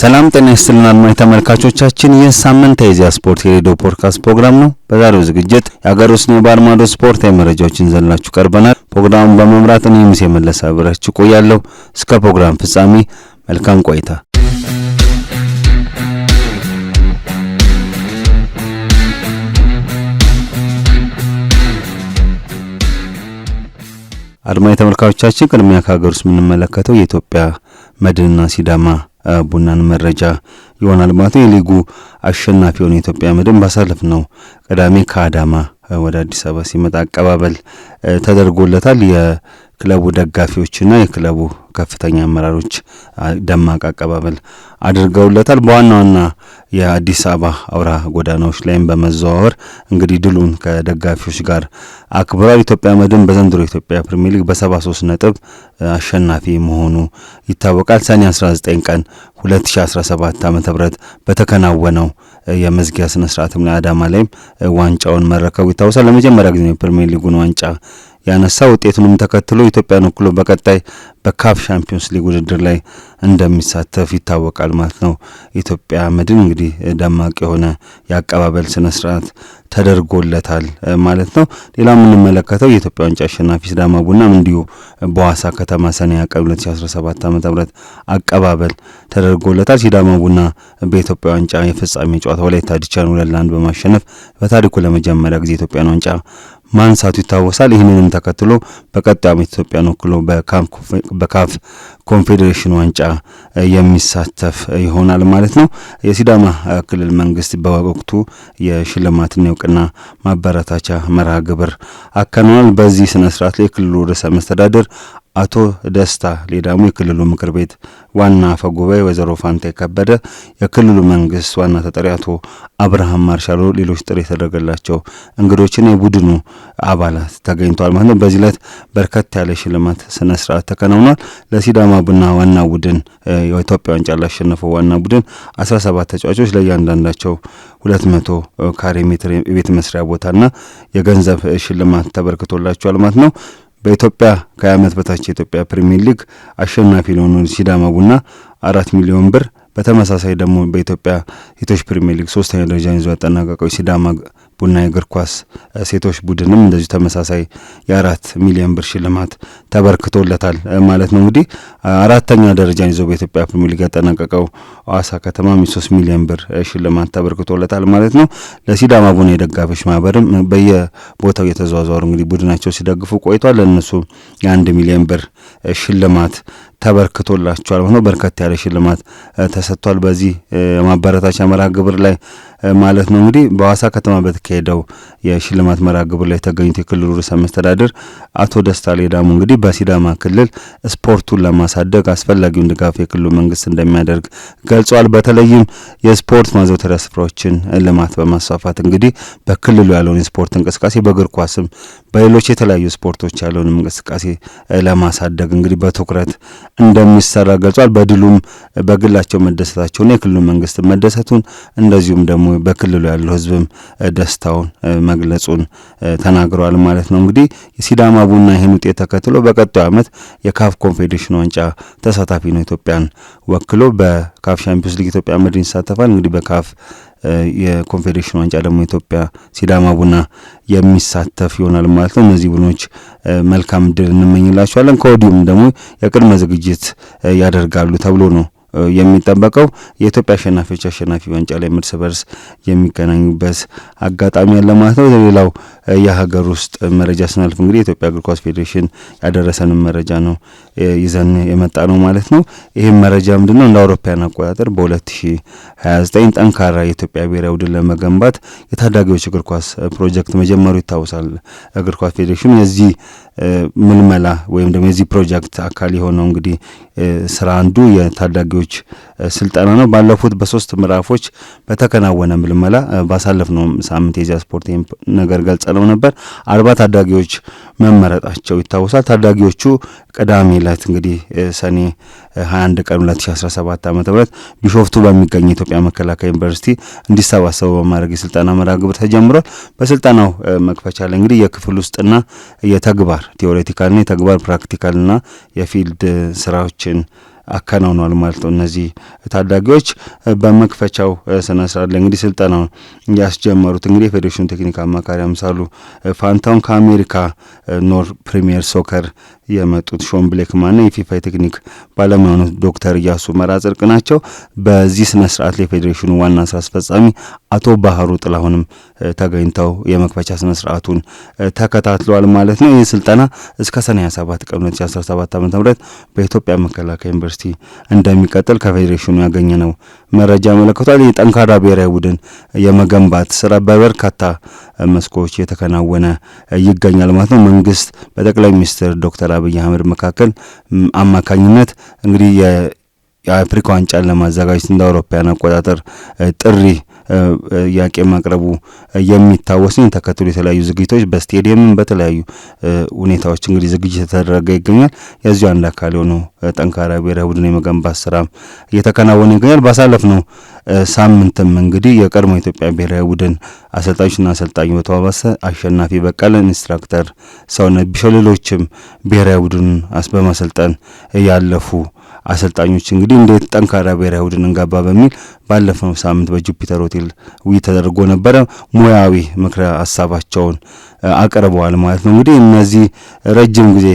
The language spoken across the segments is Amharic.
ሰላም ጤና ይስጥልን አድማጭ ተመልካቾቻችን፣ ይህ ሳምንት የኢዜአ ስፖርት የሬዲዮ ፖድካስት ፕሮግራም ነው። በዛሬው ዝግጅት የሀገር ውስጥ የባህር ማዶ ስፖርታዊ መረጃዎችን ዘላችሁ ቀርበናል። ፕሮግራሙን በመምራት እኔ ሙሴ መለሰ አብራችሁ ቆያለሁ። እስከ ፕሮግራም ፍጻሜ መልካም ቆይታ። አድማጭ ተመልካቾቻችን፣ ቅድሚያ ከሀገር ውስጥ የምንመለከተው የኢትዮጵያ መድንና ሲዳማ ቡናን መረጃ ይሆናል ማለት ነው። የሊጉ አሸናፊ የሆነ የኢትዮጵያ መድን ባሳለፍ ነው ቅዳሜ ከአዳማ ወደ አዲስ አበባ ሲመጣ አቀባበል ተደርጎለታል። ክለቡ ደጋፊዎችና የክለቡ ከፍተኛ አመራሮች ደማቅ አቀባበል አድርገውለታል። በዋና ዋና የአዲስ አበባ አውራ ጎዳናዎች ላይም በመዘዋወር እንግዲህ ድሉን ከደጋፊዎች ጋር አክብሯል። ኢትዮጵያ መድን በዘንድሮ ኢትዮጵያ ፕሪሚየር ሊግ በ73 ነጥብ አሸናፊ መሆኑ ይታወቃል። ሰኔ ዘጠኝ ቀን ሰባት ዓ ም በተከናወነው የመዝጊያ ስነስርዓትም ላይ አዳማ ላይም ዋንጫውን መረከቡ ይታወሳል። ለመጀመሪያ ጊዜ ፕሪሚየር ሊጉን ዋንጫ ያነሳ ውጤቱንም ተከትሎ ኢትዮጵያን ወክሎ በቀጣይ በካፍ ሻምፒዮንስ ሊግ ውድድር ላይ እንደሚሳተፍ ይታወቃል ማለት ነው። ኢትዮጵያ መድን እንግዲህ ደማቅ የሆነ የአቀባበል ስነ ስርዓት ተደርጎለታል ማለት ነው። ሌላ የምንመለከተው የኢትዮጵያ ዋንጫ አሸናፊ ሲዳማ ቡናም እንዲሁ በዋሳ ከተማ ሰኔ ቀን 2017 ዓ ምት አቀባበል ተደርጎለታል። ሲዳማ ቡና በኢትዮጵያ ዋንጫ የፍጻሜ ጨዋታ ወላይታ ዲቻን ሁለት ለአንድ በማሸነፍ በታሪኩ ለመጀመሪያ ጊዜ ኢትዮጵያን ዋንጫ ማንሳቱ ይታወሳል። ይህንንም ተከትሎ በቀጣዩ ዓመት ኢትዮጵያን ወክሎ በካፍ ኮንፌዴሬሽን ዋንጫ የሚሳተፍ ይሆናል ማለት ነው። የሲዳማ ክልል መንግስት በወቅቱ የሽልማትና የእውቅና ማበረታቻ መርሃ ግብር አከናውኗል። በዚህ ስነ ስርዓት ላይ የክልሉ ርዕሰ መስተዳደር አቶ ደስታ ሌዳሙ የክልሉ ምክር ቤት ዋና አፈ ጉባኤ፣ ወይዘሮ ፋንታ የከበደ የክልሉ መንግስት ዋና ተጠሪ፣ አቶ አብርሃም ማርሻሎ ሌሎች ጥሪ የተደረገላቸው እንግዶችና የቡድኑ አባላት ተገኝተዋል ማለት ነው። በዚህ ዕለት በርከት ያለ ሽልማት ስነ ስርዓት ተከናውኗል። ለሲዳማ ቡና ዋና ቡድን የኢትዮጵያ ዋንጫ ላሸነፈው ዋና ቡድን ሰባት ተጫዋቾች ለእያንዳንዳቸው 2መቶ ካሬ ሜትር የቤት መስሪያ ቦታና የገንዘብ ሽልማት ተበርክቶላቸዋል ማለት ነው። በኢትዮጵያ ከዓመት በታች የኢትዮጵያ ፕሪሚየር ሊግ አሸናፊ ለሆኑ ሲዳማ ቡና አራት ሚሊዮን ብር በተመሳሳይ ደግሞ በኢትዮጵያ ሴቶች ፕሪሚየር ሊግ ሶስተኛ ደረጃን ይዞ ያጠናቀቀው ሲዳማ ቡና የእግር ኳስ ሴቶች ቡድንም እንደዚሁ ተመሳሳይ የአራት ሚሊዮን ብር ሽልማት ተበርክቶለታል ማለት ነው። እንግዲህ አራተኛ ደረጃን ይዞ በኢትዮጵያ ፕሪሚየር ሊግ ያጠናቀቀው ሐዋሳ ከተማም የሶስት ሚሊዮን ብር ሽልማት ተበርክቶለታል ማለት ነው። ለሲዳማ ቡና የደጋፊዎች ማህበርም በየቦታው የተዘዋዘሩ እንግዲህ ቡድናቸው ሲደግፉ ቆይቷል። ለእነሱ የአንድ ሚሊዮን ብር ሽልማት ተበርክቶላቸዋል ማለት ነው። በርከት ያለ ሽልማት ተሰጥቷል በዚህ ማበረታቻ መርሃ ግብር ላይ ማለት ነው። እንግዲህ በሐዋሳ ከተማ በተካሄደው የሽልማት መርሃ ግብር ላይ የተገኙት የክልሉ ርዕሰ መስተዳድር አቶ ደስታ ሌዳሞ እንግዲህ በሲዳማ ክልል ስፖርቱን ለማሳደግ አስፈላጊውን ድጋፍ የክልሉ መንግስት እንደሚያደርግ ገልጿል። በተለይም የስፖርት ማዘውተሪያ ስፍራዎችን ልማት በማስፋፋት እንግዲህ በክልሉ ያለውን የስፖርት እንቅስቃሴ በእግር ኳስም በሌሎች የተለያዩ ስፖርቶች ያለውን እንቅስቃሴ ለማሳደግ እንግዲህ በትኩረት እንደሚሰራ ገልጿል። በድሉም በግላቸው መደሰታቸውና የክልሉ መንግስት መደሰቱን እንደዚሁም ደግሞ በክልሉ ያለው ህዝብም ደስታውን መግለጹን ተናግረዋል ማለት ነው። እንግዲህ ሲዳማ ቡና ይህን ውጤት ተከትሎ በቀጣዩ ዓመት የካፍ ኮንፌዴሬሽን ዋንጫ ተሳታፊ ነው ኢትዮጵያን ወክሎ በ ካፍ ሻምፒዮንስ ሊግ ኢትዮጵያ መድን ይሳተፋል። እንግዲህ በካፍ የኮንፌዴሬሽን ዋንጫ ደግሞ ኢትዮጵያ ሲዳማ ቡና የሚሳተፍ ይሆናል ማለት ነው። እነዚህ ቡድኖች መልካም ድል እንመኝላቸዋለን። ከወዲሁም ደግሞ የቅድመ ዝግጅት ያደርጋሉ ተብሎ ነው የሚጠበቀው የኢትዮጵያ አሸናፊዎች አሸናፊ ዋንጫ ላይ እርስ በርስ የሚገናኙበት አጋጣሚ ያለ ማለት ነው። ሌላው የሀገር ውስጥ መረጃ ስናልፍ እንግዲህ የኢትዮጵያ እግር ኳስ ፌዴሬሽን ያደረሰንም መረጃ ነው ይዘን የመጣ ነው ማለት ነው። ይህም መረጃ ምንድነው? እንደ አውሮፓያን አቆጣጠር በ2029 ጠንካራ የኢትዮጵያ ብሔራዊ ቡድን ለመገንባት የታዳጊዎች እግር ኳስ ፕሮጀክት መጀመሩ ይታወሳል። እግር ኳስ ፌዴሬሽን የዚህ ምልመላ ወይም ደግሞ የዚህ ፕሮጀክት አካል የሆነው እንግዲህ ስራ አንዱ የታዳጊዎች ስልጠና ነው። ባለፉት በሶስት ምዕራፎች በተከናወነ ምልመላ ባሳለፍ ነው ሳምንት የኢዜአ ስፖርት ነገር ገልጸነው ነበር። አርባ ታዳጊዎች መመረጣቸው ይታወሳል። ታዳጊዎቹ ቅዳሜ ዕለት እንግዲህ ሰኔ 21 ቀን 2017 ዓ ም ቢሾፍቱ በሚገኝ የኢትዮጵያ መከላከያ ዩኒቨርሲቲ እንዲሰባሰቡ በማድረግ የስልጠና መርሃ ግብር ተጀምሯል። በስልጠናው መክፈቻ ላይ እንግዲህ የክፍል ውስጥና የተግባር ቴዎሬቲካልና የተግባር ፕራክቲካልና የፊልድ ስራዎችን አከናውኗል ማለት ነው። እነዚህ ታዳጊዎች በመክፈቻው ስነ ስርዓት ላይ እንግዲህ ስልጠናውን ያስጀመሩት እንግዲህ የፌዴሬሽኑ ቴክኒክ አማካሪ አምሳሉ ፋንታውን ከአሜሪካ ኖር ፕሪሚየር ሶከር የመጡት ሾን ብሌክማንና የፊፋ የቴክኒክ ባለሙያ የሆኑት ዶክተር እያሱ መራ ናቸው። በዚህ ስነ ስርዓት ላይ የፌዴሬሽኑ ዋና ስራ አስፈጻሚ አቶ ባህሩ ጥላሁንም ተገኝተው የመክፈቻ ስነ ስርዓቱን ተከታትለዋል ማለት ነው። ይህ ስልጠና እስከ ሰኔ 27 ቀን 2017 ዓ ም በኢትዮጵያ መከላከያ ዩኒቨርሲቲ እንደሚቀጥል ከፌዴሬሽኑ ያገኘነው መረጃ ያመለክቷል። የጠንካራ ጠንካራ ብሔራዊ ቡድን የመገንባት ስራ በበርካታ መስኮች የተከናወነ ይገኛል ማለት ነው። መንግስት በጠቅላይ ሚኒስትር ዶክተር አብይ አህመድ መካከል አማካኝነት እንግዲህ የአፍሪካ ዋንጫን ለማዘጋጀት እንደ አውሮፓውያን አቆጣጠር ጥሪ ጥያቄ ማቅረቡ የሚታወስ ነው። ተከትሎ የተለያዩ ዝግጅቶች በስቴዲየምም በተለያዩ ሁኔታዎች እንግዲህ ዝግጅት የተደረገ ይገኛል። የዚሁ አንድ አካል የሆነው ጠንካራ ብሔራዊ ቡድን የመገንባት ስራም እየተከናወነ ይገኛል። ነው ሳምንትም እንግዲህ የቀድሞ የኢትዮጵያ ብሔራዊ ቡድን አሰልጣኞችና አሰልጣኙ በተባባሰ አሸናፊ በቀለ፣ ኢንስትራክተር ሰውነት ቢሻው፣ ሌሎችም ብሔራዊ ቡድን በማሰልጠን ያለፉ አሰልጣኞች እንግዲህ እንዴት ጠንካራ ብሔራዊ ቡድን እንገባ በሚል ባለፈው ሳምንት በጁፒተር ሆቴል ውይይት ተደርጎ ነበረ። ሙያዊ ምክረ ሀሳባቸውን አቅርበዋል ማለት ነው። እንግዲህ እነዚህ ረጅም ጊዜ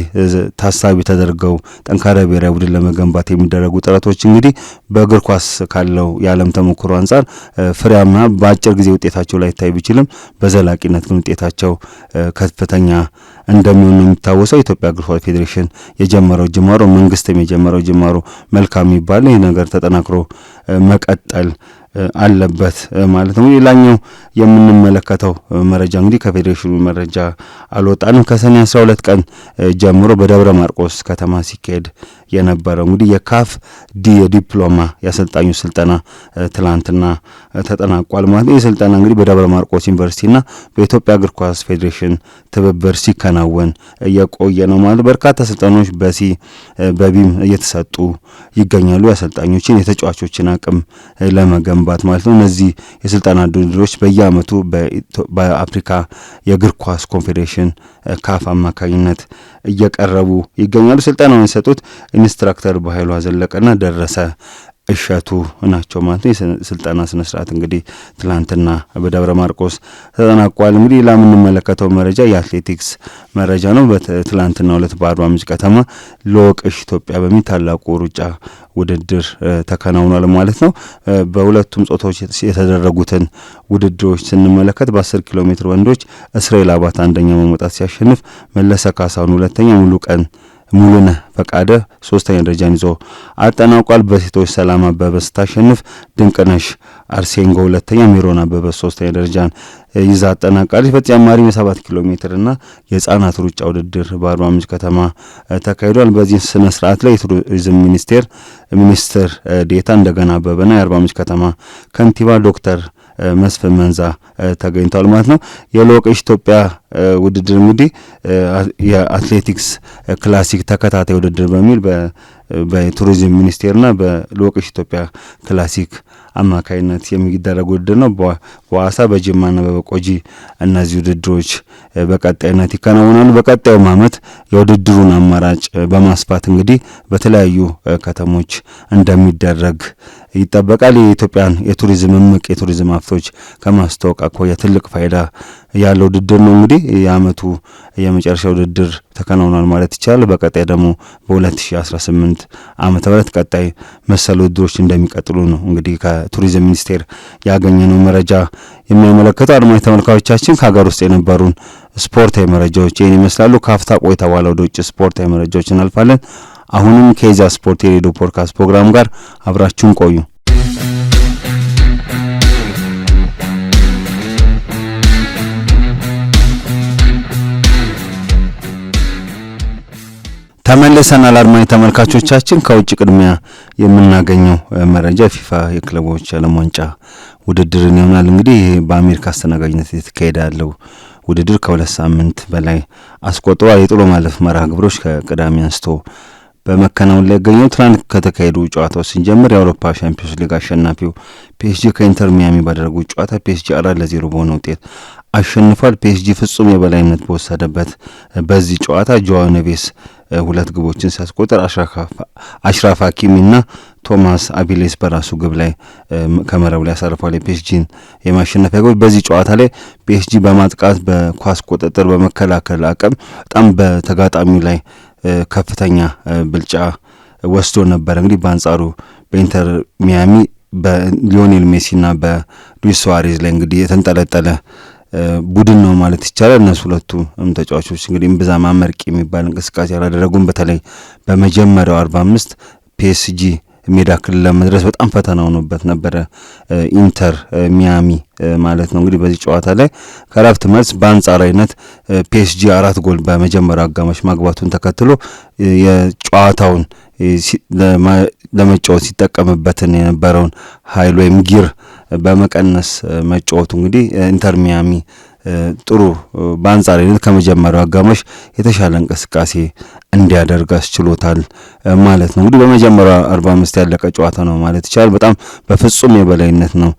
ታሳቢ ተደርገው ጠንካራ ብሔራዊ ቡድን ለመገንባት የሚደረጉ ጥረቶች እንግዲህ በእግር ኳስ ካለው የዓለም ተሞክሮ አንጻር ፍሬያማ በአጭር ጊዜ ውጤታቸው ላይታይ ቢችልም በዘላቂነት ግን ውጤታቸው ከፍተኛ እንደሚሆን ነው የሚታወሰው። የኢትዮጵያ እግር ኳስ ፌዴሬሽን የጀመረው ጅማሮ መንግስትም የጀመረው ጅማሮ መልካም የሚባል ይህ ነገር ተጠናክሮ መቀጠል አለበት ማለት ነው። ሌላኛው የምንመለከተው መረጃ እንግዲህ ከፌዴሬሽኑ መረጃ አልወጣንም። ከሰኔ 12 ቀን ጀምሮ በደብረ ማርቆስ ከተማ ሲካሄድ የነበረው። እንግዲህ የካፍ ዲ የዲፕሎማ የአሰልጣኞች ስልጠና ትላንትና ተጠናቋል ማለት ነው። ይህ ስልጠና እንግዲህ በደብረ ማርቆስ ዩኒቨርሲቲና በኢትዮጵያ እግር ኳስ ፌዴሬሽን ትብብር ሲከናወን እየቆየ ነው ማለት በርካታ ስልጠናዎች በሲ በቢም እየተሰጡ ይገኛሉ። የአሰልጣኞችን የተጫዋቾችን አቅም ለመገንባት ማለት ነው። እነዚህ የስልጠና ድርድሮች በየዓመቱ በአፍሪካ የእግር ኳስ ኮንፌዴሬሽን ካፍ አማካኝነት እየቀረቡ ይገኛሉ። ስልጠናውን የሰጡት ኢንስትራክተር በኃይሉ ዘለቀና ደረሰ እሸቱ ናቸው ማለት ነው። የስልጠና ስነ ስርዓት እንግዲህ ትላንትና በደብረ ማርቆስ ተጠናቋል። እንግዲህ ሌላ የምንመለከተው መረጃ የአትሌቲክስ መረጃ ነው። በትላንትና ሁለት በአርባ ምንጭ ከተማ ለወቅሽ ኢትዮጵያ በሚል ታላቁ ሩጫ ውድድር ተከናውኗል ማለት ነው። በሁለቱም ጾታዎች የተደረጉትን ውድድሮች ስንመለከት በ ኪሎ ሜትር ወንዶች እስራኤል አባት አንደኛ በመውጣት ሲያሸንፍ፣ መለሰ ካሳሁን ሁለተኛ፣ ሙሉ ቀን ሙሉነህ ፈቃደ ሶስተኛ ደረጃን ይዞ አጠናቋል። በሴቶች ሰላም አበበ ስታሸንፍ ድንቅነሽ አርሴንጎ ሁለተኛ፣ ሚሮን አበበ ሶስተኛ ደረጃን ይዛ አጠናቃለች። በተጨማሪም የሰባት ኪሎ እና የህጻናት ሩጫ ውድድር በአርባ ምንጭ ከተማ ተካሂዷል። በዚህ ስነ ስርዓት ላይ የቱሪዝም ሚኒስቴር ሚኒስትር ዴታ እንደገና አበበና የአርባ ምንጭ ከተማ ከንቲባ ዶክተር መስፍን መንዛ ተገኝቷል ማለት ነው። የሎቀሽ ኢትዮጵያ ውድድር እንግዲህ የአትሌቲክስ ክላሲክ ተከታታይ ውድድር በሚል በቱሪዝም ሚኒስቴርና በሎቀሽ ኢትዮጵያ ክላሲክ አማካይነት የሚደረግ ውድድር ነው። በዋሳ በጅማና በበቆጂ እነዚህ ውድድሮች በቀጣይነት ይከናወናሉ። በቀጣዩም ዓመት የውድድሩን አማራጭ በማስፋት እንግዲህ በተለያዩ ከተሞች እንደሚደረግ ይጠበቃል። የኢትዮጵያን የቱሪዝም እምቅ የቱሪዝም ሀብቶች ከማስተዋወቅ አኳያ ትልቅ ፋይዳ ያለው ውድድር ነው። እንግዲህ የአመቱ የመጨረሻ ውድድር ተከናውኗል ማለት ይቻላል። በቀጣይ ደግሞ በ2018 ዓመተ ምህረት ቀጣይ መሰል ውድድሮች እንደሚቀጥሉ ነው እንግዲህ ከቱሪዝም ሚኒስቴር ያገኘነው መረጃ የሚያመለክተው። አድማጭ ተመልካቾቻችን ከሀገር ውስጥ የነበሩን ስፖርታዊ መረጃዎች ይህን ይመስላሉ። ካፍታ ቆይታ በኋላ ወደ ውጭ ስፖርታዊ መረጃዎች እናልፋለን። አሁንም ከኢዜአ ስፖርት የሬዲዮ ፖድካስት ፕሮግራም ጋር አብራችሁን ቆዩ። ተመልሰናል አድማጭ ተመልካቾቻችን። ከውጭ ቅድሚያ የምናገኘው መረጃ የፊፋ የክለቦች ዓለም ዋንጫ ውድድርን ይሆናል። እንግዲህ በአሜሪካ አስተናጋጅነት የተካሄደ ያለው ውድድር ከሁለት ሳምንት በላይ አስቆጥሯል። የጥሎ ማለፍ መርሃ ግብሮች ከቅዳሜ አንስቶ በመከናወን ላይ ያገኘው ትናንት ከተካሄዱ ጨዋታዎች ስንጀምር የአውሮፓ ሻምፒዮንስ ሊግ አሸናፊው ፒኤስጂ ከኢንተር ሚያሚ ባደረጉት ጨዋታ ፒኤስጂ አራት ለዜሮ በሆነ ውጤት አሸንፏል። ፒኤስጂ ፍጹም የበላይነት በወሰደበት በዚህ ጨዋታ ጆዋው ኔቬስ ሁለት ግቦችን ሲያስቆጥር አሽራፍ ሀኪሚ ቶማስ አቢሌስ በራሱ ግብ ላይ ከመረቡ ላይ ያሳርፏል የፒኤስጂን የማሸነፊያ ግቦች። በዚህ ጨዋታ ላይ ፒኤስጂ በማጥቃት በኳስ ቁጥጥር፣ በመከላከል አቅም በጣም በተጋጣሚው ላይ ከፍተኛ ብልጫ ወስዶ ነበር። እንግዲህ በአንጻሩ በኢንተር ሚያሚ በሊዮኔል ሜሲና በሉዊስ ሱዋሬዝ ላይ እንግዲህ የተንጠለጠለ ቡድን ነው ማለት ይቻላል። እነሱ ሁለቱም ተጫዋቾች እንግዲህ እምብዛም አመርቂ የሚባል እንቅስቃሴ አላደረጉም። በተለይ በመጀመሪያው አርባ አምስት ፒኤስጂ ሜዳ ክልል ለመድረስ በጣም ፈተና ሆኖበት ነበረ ኢንተር ሚያሚ ማለት ነው። እንግዲህ በዚህ ጨዋታ ላይ ከረፍት መልስ በአንጻራዊነት ፒኤስጂ አራት ጎል በመጀመሪያ አጋማሽ ማግባቱን ተከትሎ የጨዋታውን ለመጫወት ሲጠቀምበትን የነበረውን ኃይል ወይም ጊር በመቀነስ መጫወቱ እንግዲህ ኢንተር ሚያሚ ጥሩ በአንጻራዊነት ከመጀመሪያው አጋማሽ የተሻለ እንቅስቃሴ እንዲያደርግ አስችሎታል ማለት ነው። እንግዲህ በመጀመሪያው አርባ አምስት ያለቀ ጨዋታ ነው ማለት ይቻላል። በጣም በፍጹም የበላይነት ነው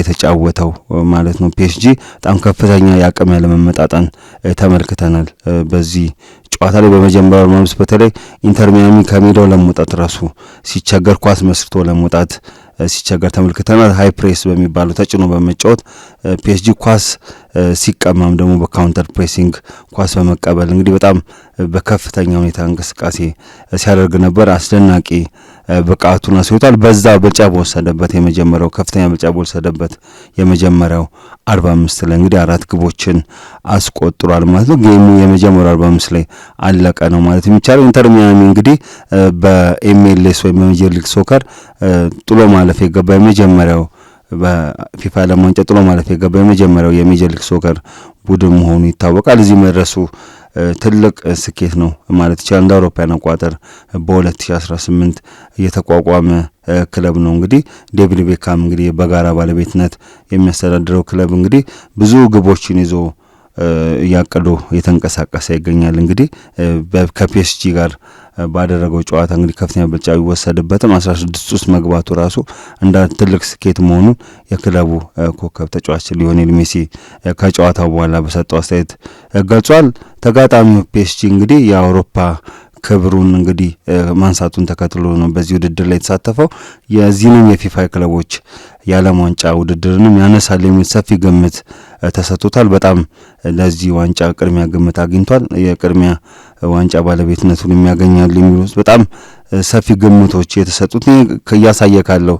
የተጫወተው ማለት ነው። ፒኤስጂ በጣም ከፍተኛ የአቅም ያለመመጣጠን ተመልክተናል በዚህ ጨዋታ ላይ በመጀመሪያው ማምስ በተለይ ኢንተር ሚያሚ ከሜዳው ለመውጣት ራሱ ሲቸገር ኳስ መስርቶ ለመውጣት ሲቸገር ተመልክተናል። ሀይ ፕሬስ በሚባለው ተጭኖ በመጫወት ፒኤስጂ ኳስ ሲቀማም ደግሞ በካውንተር ፕሬሲንግ ኳስ በመቀበል እንግዲህ በጣም በከፍተኛ ሁኔታ እንቅስቃሴ ሲያደርግ ነበር። አስደናቂ ብቃቱን አሳይቷል። በዛ ብልጫ በወሰደበት የመጀመሪያው ከፍተኛ ብልጫ በወሰደበት የመጀመሪያው አርባ አምስት ላይ እንግዲህ አራት ግቦችን አስቆጥሯል ማለት ነው። ጌሙ የመጀመሪያው አርባ አምስት ላይ አለቀ ነው ማለት የሚቻለው። ኢንተር ሚያሚ እንግዲህ በኤምኤልኤስ ወይም በሜጀር ሊግ ሶከር ጥሎ ማለፍ የገባ የመጀመሪያው በፊፋ ዓለም ጥሎ ማለፍ የገባ የመጀመሪያው የሜጀር ሊግ ሶከር ቡድን መሆኑ ይታወቃል። እዚህ መድረሱ ትልቅ ስኬት ነው ማለት ይችላል። እንደ አውሮፓውያን አቆጣጠር በ2018 የተቋቋመ ክለብ ነው። እንግዲህ ዴቪድ ቤካም እንግዲህ በጋራ ባለቤትነት የሚያስተዳድረው ክለብ እንግዲህ ብዙ ግቦችን ይዞ እያቀዶ የተንቀሳቀሰ ይገኛል። እንግዲህ ከፒኤስጂ ጋር ባደረገው ጨዋታ እንግዲህ ከፍተኛ ብልጫ ቢወሰድበትም 16 ውስጥ መግባቱ ራሱ እንደ ትልቅ ስኬት መሆኑን የክለቡ ኮከብ ተጫዋች ሊዮኔል ሜሲ ከጨዋታው በኋላ በሰጠው አስተያየት ገልጿል። ተጋጣሚው ፒኤስጂ እንግዲህ የአውሮፓ ክብሩን እንግዲህ ማንሳቱን ተከትሎ ነው በዚህ ውድድር ላይ የተሳተፈው። የዚህንም የፊፋ ክለቦች የዓለም ዋንጫ ውድድርንም ያነሳል የሚል ሰፊ ግምት ተሰጥቶታል። በጣም ለዚህ ዋንጫ ቅድሚያ ግምት አግኝቷል። የቅድሚያ ዋንጫ ባለቤትነቱን የሚያገኛሉ የሚሉ በጣም ሰፊ ግምቶች የተሰጡት እያሳየ ካለው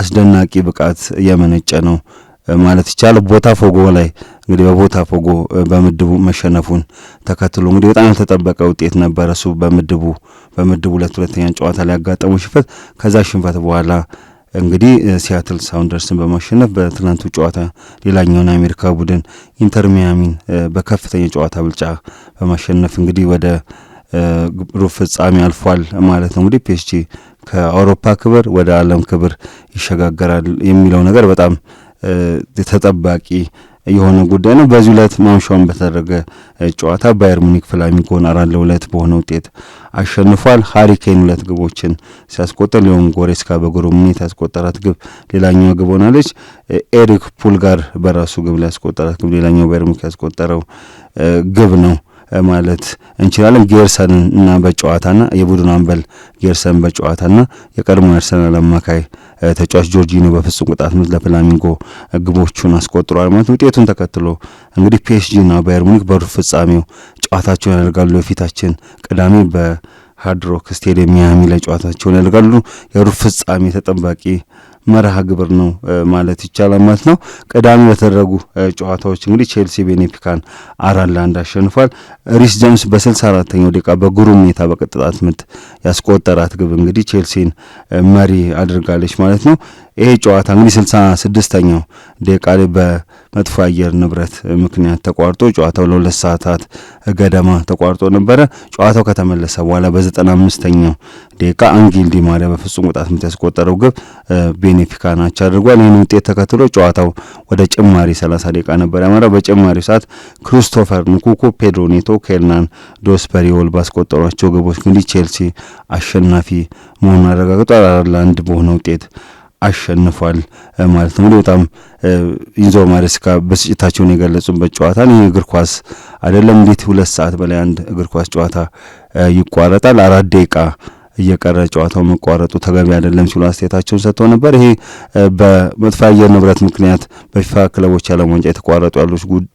አስደናቂ ብቃት የመነጨ ነው ማለት ይቻላል። ቦታ ፎጎ ላይ እንግዲህ በቦታ ፎጎ በምድቡ መሸነፉን ተከትሎ እንግዲህ በጣም ያልተጠበቀ ውጤት ነበረ እሱ በምድቡ በምድቡ ሁለት ጨዋታ ላይ ያጋጠመው ሽንፈት ከዛ ሽንፈት በኋላ እንግዲህ ሲያትል ሳውንደርስን በማሸነፍ በትናንቱ ጨዋታ ሌላኛውን የአሜሪካ ቡድን ኢንተር ሚያሚን በከፍተኛ ጨዋታ ብልጫ በማሸነፍ እንግዲህ ወደ ሩብ ፍጻሜ አልፏል ማለት ነው። እንግዲህ ፒኤስጂ ከአውሮፓ ክብር ወደ ዓለም ክብር ይሸጋገራል የሚለው ነገር በጣም ተጠባቂ የሆነ ጉዳይ ነው። በዚህ ዕለት ማምሻውን በተደረገ ጨዋታ ባየር ሙኒክ ፍላሚንጎን አራት ለሁለት በሆነ ውጤት አሸንፏል። ሀሪኬን ሁለት ግቦችን ሲያስቆጠር፣ ሊዮን ጎሬስካ በግሩም ሁኔታ ያስቆጠራት ግብ ሌላኛው ግብ ሆናለች። ኤሪክ ፑልጋር በራሱ ግብ ላይ ያስቆጠራት ግብ ሌላኛው ባየር ሙኒክ ያስቆጠረው ግብ ነው ማለት እንችላለን። ጌርሰን እና በጨዋታና የቡድን አምበል ጌርሰን በጨዋታና የቀድሞ አርሰናል አማካይ ተጫዋች ጆርጂኖ በፍጹም ቅጣት ምት ለፍላሚንጎ ግቦቹን አስቆጥሯል። ማለት ውጤቱን ተከትሎ እንግዲህ ፒኤስጂና ባየር ሙኒክ በሩብ ፍጻሜው ጨዋታቸውን ያደርጋሉ። የፊታችን ቅዳሜ በሃርድ ስቴዲየም ሚያሚ ላይ ጨዋታቸውን ያደርጋሉ። የሩብ ፍጻሜ ተጠባቂ መርሃ ግብር ነው ማለት ይቻላል ማለት ነው። ቅዳሜ በተደረጉ ጨዋታዎች እንግዲህ ቼልሲ ቤኔፊካን አራት ለአንድ አሸንፏል። ሪስ ጀምስ በስልሳ አራተኛው ደቂቃ በግሩም ሁኔታ በቅጣት ምት ያስቆጠራት ግብ እንግዲህ ቼልሲን መሪ አድርጋለች ማለት ነው። ይሄ ጨዋታ እንግዲህ ስልሳ ስድስተኛው ደቂቃ ላይ በመጥፎ አየር ንብረት ምክንያት ተቋርጦ ጨዋታው ለሁለት ሰዓታት ገደማ ተቋርጦ ነበረ። ጨዋታው ከተመለሰ በኋላ በዘጠና አምስተኛው ደቂቃ አንጊል ዲ ማሪያ በፍጹም ቅጣት ምት ያስቆጠረው ግብ ቤኔፊካ ናቻ አድርጓል። ይህን ውጤት ተከትሎ ጨዋታው ወደ ጭማሪ ሰላሳ ደቂቃ ነበር ያመራ። በጭማሪው ሰዓት ክሪስቶፈር ንኩኩ፣ ፔድሮ ኔቶ፣ ኬልናን ዶስ ፐሪዮል ባስቆጠሯቸው ግቦች እንግዲህ ቼልሲ አሸናፊ መሆኑን አረጋግጧል። አራት ለአንድ በሆነ ውጤት አሸንፏል ማለት ነው። እንግዲህ በጣም ኢንዞ ማሬስካ ብስጭታቸውን የገለጹበት ጨዋታ ነው። ይህ እግር ኳስ አይደለም። እንዴት ሁለት ሰዓት በላይ አንድ እግር ኳስ ጨዋታ ይቋረጣል? አራት ደቂቃ እየቀረ ጨዋታው መቋረጡ ተገቢ አይደለም ሲሉ አስተያየታቸውን ሰጥተው ነበር። ይሄ በመጥፎ አየር ንብረት ምክንያት በፊፋ ክለቦች ዓለም ዋንጫ የተቋረጡ ያሉ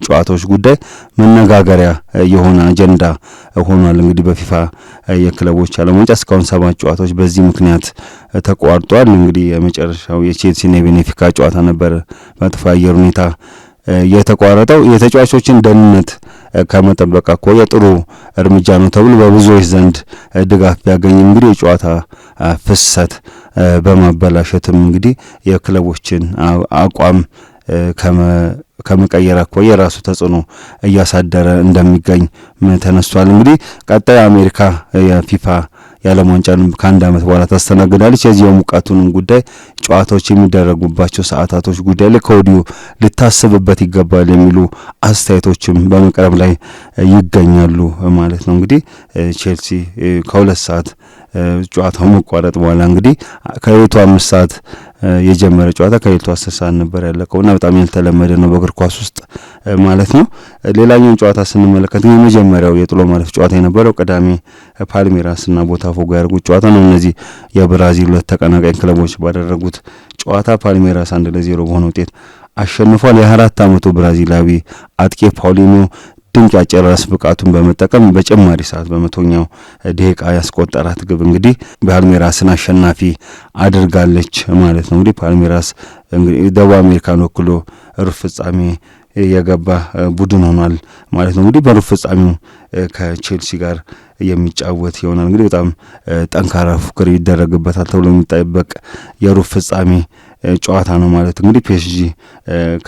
ጨዋታዎች ጉዳይ መነጋገሪያ የሆነ አጀንዳ ሆኗል። እንግዲህ በፊፋ የክለቦች ዓለም ዋንጫ እስካሁን ሰባት ጨዋታዎች በዚህ ምክንያት ተቋርጧል። እንግዲህ የመጨረሻው የቼልሲና የቤኔፊካ ጨዋታ ነበር በመጥፎ አየር ሁኔታ የተቋረጠው። የተጫዋቾችን ደህንነት ከመጠበቅ አኳያ ጥሩ እርምጃ ነው ተብሎ በብዙዎች ዘንድ ድጋፍ ቢያገኝ እንግዲህ የጨዋታ ፍሰት በማበላሸትም እንግዲህ የክለቦችን አቋም ከመቀየር አኳያ የራሱ ተጽዕኖ እያሳደረ እንደሚገኝ ተነስቷል። እንግዲህ ቀጣይ አሜሪካ የፊፋ የዓለም ዋንጫንም ከአንድ ዓመት በኋላ ታስተናግዳለች። የዚህ ሙቀቱንም ጉዳይ ጨዋታዎች የሚደረጉባቸው ሰዓታቶች ጉዳይ ላይ ከወዲሁ ልታስብበት ይገባል የሚሉ አስተያየቶችም በመቅረብ ላይ ይገኛሉ ማለት ነው። እንግዲህ ቼልሲ ከሁለት ሰዓት ጨዋታው መቋረጥ በኋላ እንግዲህ ከሌሊቱ አምስት ሰዓት የጀመረ ጨዋታ ከሌሊቱ አስር ሰዓት ነበር እና በጣም ያልተለመደ ነው በእግር ኳስ ውስጥ ማለት ነው። ሌላኛውን ጨዋታ ስንመለከት የመጀመሪያው የጥሎ ማለፍ ጨዋታ የነበረው ቅዳሜ ፓልሜራስና ቦታፎጎ ያደርጉት ጨዋታ ነው። እነዚህ የብራዚል ሁለት ተቀናቃኝ ክለቦች ባደረጉት ጨዋታ ፓልሜራስ አንድ ለዜሮ በሆነ ውጤት አሸንፏል። የአራት ዓመቱ ብራዚላዊ አጥቂ ፓውሊኖ ድንቅ የጨራስ ብቃቱን በመጠቀም በጨማሪ ሰዓት በመቶኛው ደቂቃ ያስቆጠራት ግብ እንግዲህ ፓልሜራስን አሸናፊ አድርጋለች ማለት ነው። እንግዲህ ፓልሜራስ ደቡብ አሜሪካን ወክሎ ሩብ ፍጻሜ የገባ ቡድን ሆኗል ማለት ነው። እንግዲህ በሩብ ፍጻሜው ከቼልሲ ጋር የሚጫወት ይሆናል። እንግዲህ በጣም ጠንካራ ፉክር ይደረግበታል ተብሎ የሚጠበቅ የሩብ ፍጻሜ ጨዋታ ነው ማለት እንግዲህ ፒኤስጂ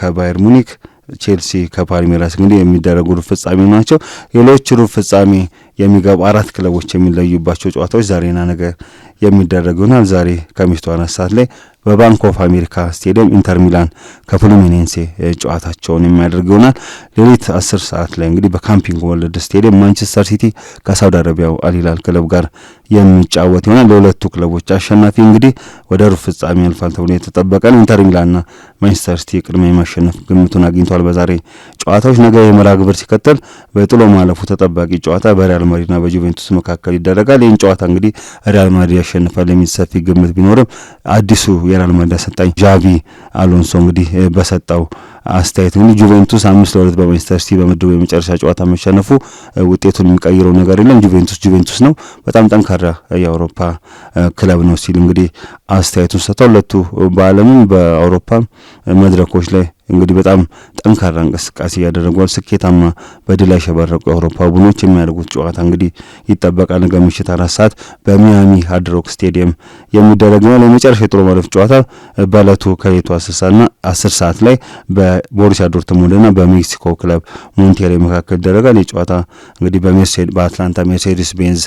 ከባየር ሙኒክ ቼልሲ ከፓልሜራስ እንግዲህ የሚደረጉ ሩብ ፍጻሜ ናቸው። ሌሎች ሩብ ፍጻሜ የሚገቡ አራት ክለቦች የሚለዩባቸው ጨዋታዎች ዛሬና ነገ የሚደረጉ ይሆናል። ዛሬ ከምሽቱ አራት ሰዓት ላይ በባንክ ኦፍ አሜሪካ ስቴዲየም ኢንተር ሚላን ከፍሉሚኔንሴ ጨዋታቸውን የሚያደርግ ይሆናል። ሌሊት አስር ሰዓት ላይ እንግዲህ በካምፒንግ ወርልድ ስቴዲየም ማንቸስተር ሲቲ ከሳውዲ አረቢያው አልሂላል ክለብ ጋር የሚጫወት ይሆናል። ለሁለቱ ክለቦች አሸናፊ እንግዲህ ወደ ሩብ ፍጻሜ ያልፋል ተብሎ የተጠበቀ ነው። ኢንተር ሚላንና ማንቸስተር ሲቲ ቅድመ የማሸነፍ ግምቱን አግኝተዋል። በዛሬ ጨዋታዎች ነገ የመርሃ ግብር ሲቀጥል በጥሎ ማለፉ ተጠባቂ ጨዋታ በሪያል ማድሪድና በጁቬንቱስ መካከል ይደረጋል። ይህን ጨዋታ እንግዲህ ሪያል ማድሪድ ያሸንፋል የሚል ሰፊ ግምት ቢኖርም አዲሱ የሪያል ማድሪድ አሰልጣኝ ዣቪ አሎንሶ እንግዲህ በሰጠው አስተያየት እንግዲህ ጁቬንቱስ አምስት ለሁለት በማንቸስተር ሲቲ በምድቡ የመጨረሻ ጨዋታ መሸነፉ ውጤቱን የሚቀይረው ነገር የለም፣ ጁቬንቱስ ጁቬንቱስ ነው፣ በጣም ጠንካራ የአውሮፓ ክለብ ነው ሲል እንግዲህ አስተያየቱን ሰጥቷል። ሁለቱ በዓለምም በአውሮፓ መድረኮች ላይ እንግዲህ በጣም ጠንካራ እንቅስቃሴ ያደረጓል። ስኬታማ በድል ያሸበረቁ የአውሮፓ ቡድኖች የሚያደርጉት ጨዋታ እንግዲህ ይጠበቃል። ነገ ምሽት አራት ሰዓት በሚያሚ ሀድሮክ ስቴዲየም የሚደረግ ነው። ለመጨረሻ የጥሎ ማለፍ ጨዋታ በዕለቱ ከሌቱ አስር ሰዓት ላይ በቦሩሲያ ዶርትሙንድና በሜክሲኮ ክለብ ሞንቴሬ መካከል ይደረጋል። የጨዋታ እንግዲህ በአትላንታ ሜርሴዲስ ቤንዝ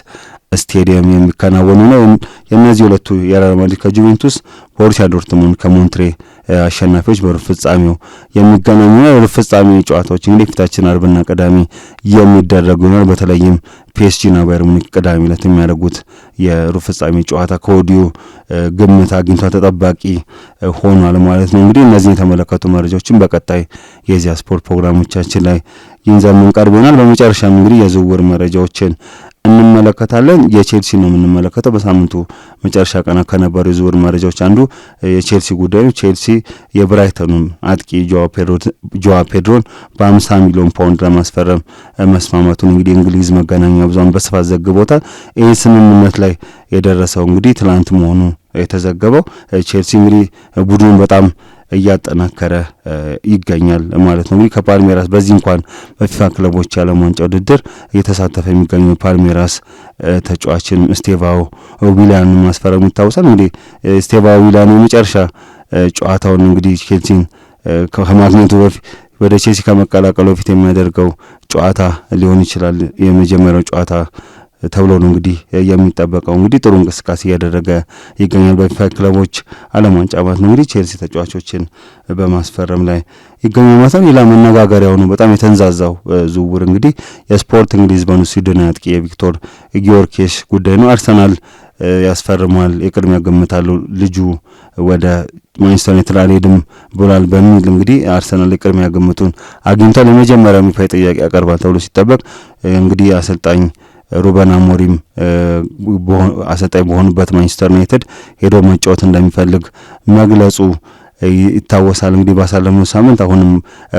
ስቴዲየም የሚከናወኑ ነው። የእነዚህ ሁለቱ የሪያል ማድሪድ ከጁቬንቱስ ቦሩሲያ ዶርትሙንድ ከሞንትሬ አሸናፊዎች በሩብ ፍጻሜው የሚገናኙ የሩብ ፍጻሜ ጨዋታዎች እንግዲህ ፊታችን አርብና ቅዳሜ የሚደረጉ ይሆናል። በተለይም ፒኤስጂና ባየር ሙኒክ ቅዳሜ ዕለት የሚያደርጉት የሩብ ፍጻሜ ጨዋታ ከወዲሁ ግምት አግኝቷ ተጠባቂ ሆኗል ማለት ነው። እንግዲህ እነዚህን የተመለከቱ መረጃዎችን በቀጣይ የዚያ ስፖርት ፕሮግራሞቻችን ላይ ይንዘ የምንቀርብ ይሆናል። በመጨረሻም እንግዲህ የዝውውር መረጃዎችን እንመለከታለን። የቼልሲ ነው የምንመለከተው። በሳምንቱ መጨረሻ ቀናት ከነበሩ የዝውውር መረጃዎች አንዱ የቼልሲ ጉዳይ ነው። ቼልሲ የብራይተኑን አጥቂ ጆዋ ፔድሮን በአምሳ ሚሊዮን ፓውንድ ለማስፈረም መስማማቱን እንግዲህ እንግሊዝ መገናኛ ብዙኃን በስፋት ዘግቦታል። ይህ ስምምነት ላይ የደረሰው እንግዲህ ትናንት መሆኑ የተዘገበው ቼልሲ እንግዲህ ቡድኑን በጣም እያጠናከረ ይገኛል ማለት ነው። እንግዲህ ከፓልሜራስ በዚህ እንኳን በፊፋ ክለቦች የዓለም ዋንጫ ውድድር እየተሳተፈ የሚገኘው ፓልሜራስ ተጫዋችን ስቴቫው ዊላን ማስፈረሙ ይታወሳል። እንግዲህ ስቴቫው ዊላን የመጨረሻ ጨዋታውን እንግዲህ ቼልሲን ከማግኘቱ በፊት ወደ ቼልሲ ከመቀላቀሉ በፊት የሚያደርገው ጨዋታ ሊሆን ይችላል የመጀመሪያው ጨዋታ ተብሎ ነው እንግዲህ የሚጠበቀው። እንግዲህ ጥሩ እንቅስቃሴ እያደረገ ይገኛል በፊፋ ክለቦች ዓለም ዋንጫ ማለት ነው እንግዲህ ቼልሲ ተጫዋቾችን በማስፈረም ላይ ይገኛል ማለት ነው። ሌላ መነጋገሪያው ነው በጣም የተንዛዛው ዝውውር እንግዲህ የስፖርት እንግሊዝ ሊዝበኑ ስዊድናዊ አጥቂ የቪክቶር ጊዮርኬሽ ጉዳይ ነው። አርሰናል ያስፈርመዋል የቅድሚያ ግምት ልጁ ወደ ማንቸስተር ዩናይትድ አልሄድም ብሏል በሚል እንግዲህ አርሰናል የቅድሚያ ግምቱን አግኝቷል። የመጀመሪያው ይፋዊ ጥያቄ ያቀርባል ተብሎ ሲጠበቅ እንግዲህ አሰልጣኝ ሩበን አሞሪም አሰልጣኝ በሆኑበት ማንቸስተር ዩናይትድ ሄዶ መጫወት እንደሚፈልግ መግለጹ ይታወሳል። እንግዲህ ባሳለፍነው ሳምንት አሁንም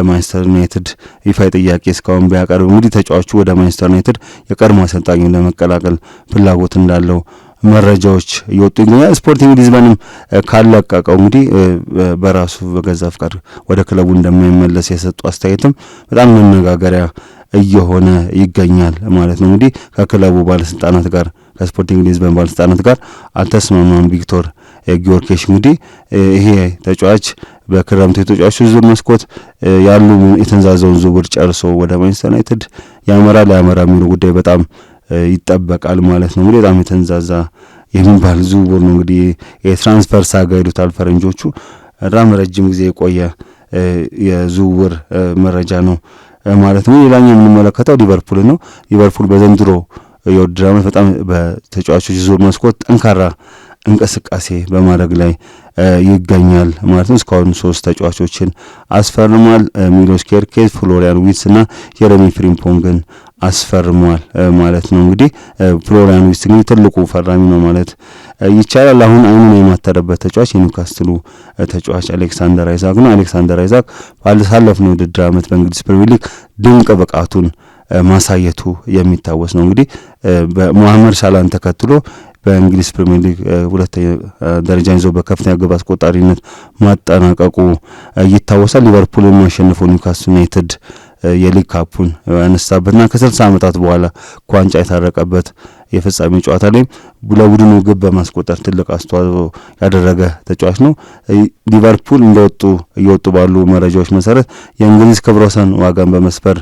ማንቸስተር ዩናይትድ ይፋ ጥያቄ እስካሁን ቢያቀርብ እንግዲህ ተጫዋቹ ወደ ማንቸስተር ዩናይትድ የቀድሞ አሰልጣኙ ለመቀላቀል ፍላጎት እንዳለው መረጃዎች እየወጡ ይገኛል። ስፖርቲንግ ሊዝበንም ካለቀቀው እንግዲህ በራሱ በገዛ ፍቃድ ወደ ክለቡ እንደማይመለስ የሰጡ አስተያየትም በጣም መነጋገሪያ እየሆነ ይገኛል ማለት ነው። እንግዲህ ከክለቡ ባለስልጣናት ጋር ከስፖርቲንግ ሊዝበን ባለስልጣናት ጋር አልተስማማም ቪክቶር ጊዮርኬሽ። እንግዲህ ይሄ ተጫዋች በክረምቱ የተጫዋቹ ዝውውር መስኮት ያሉ የተንዛዘውን ዝውውር ጨርሶ ወደ ማንቸስተር ዩናይትድ ያመራ ላያመራ የሚሉ ጉዳይ በጣም ይጠበቃል ማለት ነው። በጣም የተንዛዛ የሚባል ዝውውር ነው። እንግዲህ የትራንስፈር ሳጋ ይሉታል ፈረንጆቹ። በጣም ረጅም ጊዜ የቆየ የዝውውር መረጃ ነው ማለት ነው። ሌላኛው የምንመለከተው ሊቨርፑል ነው። ሊቨርፑል በዘንድሮ የውድድር ዓመት በጣም በተጫዋቾች ዙር መስኮት ጠንካራ እንቅስቃሴ በማድረግ ላይ ይገኛል ማለት ነው። እስካሁን ሶስት ተጫዋቾችን አስፈርሟል። ሚሎስ ኬርኬዝ፣ ፍሎሪያን ዊትስ እና ጀረሚ ፍሪምፖንግን አስፈርሟል ማለት ነው። እንግዲህ ፍሎሪያን ዊትስ ግን ትልቁ ፈራሚ ነው ማለት ይቻላል። አሁን አይኑን የማተረበት ተጫዋች የኒውካስትሉ ተጫዋች አሌክሳንደር አይዛክ ነው። አሌክሳንደር አይዛክ ባለሳለፍነው የውድድር ዓመት በእንግሊዝ ፕሪሚየር ሊግ ድንቅ ብቃቱን ማሳየቱ የሚታወስ ነው። እንግዲህ በሞሐመድ ሳላን ተከትሎ በእንግሊዝ ፕሪሚየር ሊግ ሁለተኛ ደረጃን ይዞ በከፍተኛ ግብ አስቆጣሪነት ማጠናቀቁ ይታወሳል። ሊቨርፑል የሚያሸንፈው ኒውካስል ዩናይትድ የሊግ ካፑን ያነሳበትና ከስልሳ ዓመታት በኋላ ከዋንጫ የታረቀበት የፍጻሜ ጨዋታ ላይ ለቡድኑ ግብ በማስቆጠር ትልቅ አስተዋጽኦ ያደረገ ተጫዋች ነው። ሊቨርፑል እንደወጡ እየወጡ ባሉ መረጃዎች መሰረት የእንግሊዝ ክብረ ወሰን ዋጋን በመስፈር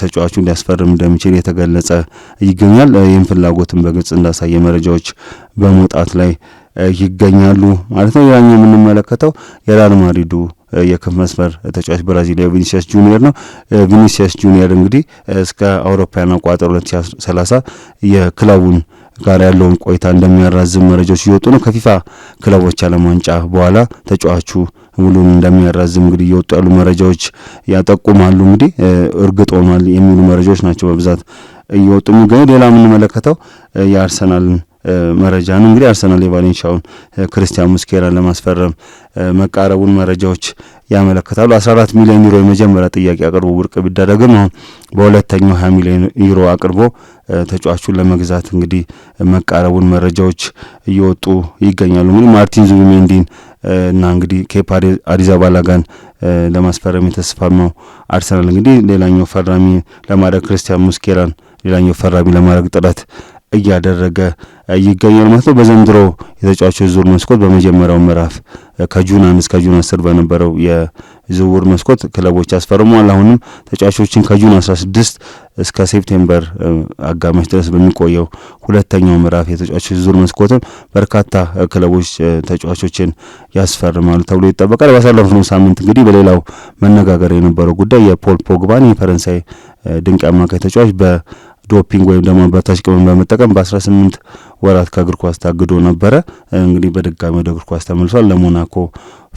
ተጫዋቹ ሊያስፈርም እንደሚችል የተገለጸ ይገኛል። ይህም ፍላጎትን በግልጽ እንዳሳየ መረጃዎች በመውጣት ላይ ይገኛሉ ማለት ነው። ሌላኛው የምንመለከተው የሪያል ማድሪዱ የክንፍ መስመር ተጫዋች ብራዚሊያ ቪኒሲያስ ጁኒየር ነው። ቪኒሲያስ ጁኒየር እንግዲህ እስከ አውሮፓውያን አቆጣጠር 2030 የክለቡን ጋር ያለውን ቆይታ እንደሚያራዝም መረጃዎች እየወጡ ነው። ከፊፋ ክለቦች ዓለም ዋንጫ በኋላ ተጫዋቹ ውሉን እንደሚያራዝም እንግዲህ እየወጡ ያሉ መረጃዎች ያጠቁማሉ። እንግዲህ እርግጥ ሆኗል የሚሉ መረጃዎች ናቸው በብዛት እየወጡ የሚገኙ። ሌላ የምንመለከተው የአርሰናልን መረጃ ነው። እንግዲህ አርሰናል የቫሌንሻውን ክርስቲያን ሙስኬራን ለማስፈረም መቃረቡን መረጃዎች ያመለክታሉ። 14 ሚሊዮን ዩሮ የመጀመሪያ ጥያቄ አቅርቦ ውድቅ ቢደረግም አሁን በሁለተኛው 20 ሚሊዮን ዩሮ አቅርቦ ተጫዋቹን ለመግዛት እንግዲህ መቃረቡን መረጃዎች እየወጡ ይገኛሉ። እንግዲህ ማርቲን ዙቢሜንዲን እና እንግዲህ ኬፓ አሪዛባላጋን ለማስፈረም የተስማማው አርሰናል እንግዲህ ሌላኛው ፈራሚ ለማድረግ ክርስቲያን ሙስኬራን ሌላኛው ፈራሚ ለማድረግ ጥረት እያደረገ ይገኛል ማለት ነው። በዘንድሮ የተጫዋቾች ዙር መስኮት በመጀመሪያው ምዕራፍ ከጁን አንድ እስከ ጁን አስር በነበረው የዝውውር መስኮት ክለቦች አስፈርሟል። አሁንም ተጫዋቾችን ከጁን አስራ ስድስት እስከ ሴፕቴምበር አጋማሽ ድረስ በሚቆየው ሁለተኛው ምዕራፍ የተጫዋቾች ዙር መስኮትም በርካታ ክለቦች ተጫዋቾችን ያስፈርማሉ ተብሎ ይጠበቃል። ባሳለፍነው ሳምንት እንግዲህ በሌላው መነጋገር የነበረው ጉዳይ የፖል ፖግባን የፈረንሳይ ድንቅ አማካይ ተጫዋች በ ዶፒንግ ወይም ደግሞ አበረታች ቅመም በመጠቀም በ18 ወራት ከእግር ኳስ ታግዶ ነበረ። እንግዲህ በድጋሚ ወደ እግር ኳስ ተመልሷል። ለሞናኮ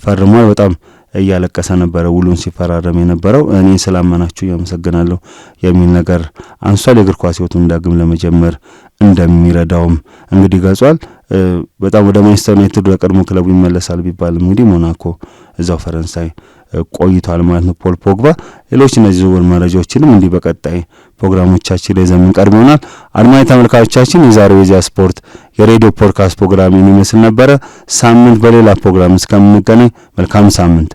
ፈርሟል። በጣም እያለቀሰ ነበረ ውሉን ሲፈራረም የነበረው። እኔ ስላመናችሁ ያመሰግናለሁ የሚል ነገር አንሷል። የእግር ኳስ ህይወቱን ዳግም ለመጀመር እንደሚረዳውም እንግዲህ ገልጿል። በጣም ወደ ማንቸስተር ዩናይትድ ወደ ቀድሞ ክለቡ ይመለሳል ቢባልም እንግዲህ ሞናኮ እዛው ፈረንሳይ ቆይቷል ማለት ነው ፖል ፖግባ። ሌሎች እነዚህ ዝውውር መረጃዎችንም እንዲህ በቀጣይ ፕሮግራሞቻችን ላይ ዘምን ቀርብ ይሆናል። አድማኝ ተመልካቾቻችን የዛሬው የዚያ ስፖርት የሬዲዮ ፖድካስት ፕሮግራም ይመስል ነበረ። ሳምንት በሌላ ፕሮግራም እስከምንገናኝ መልካም ሳምንት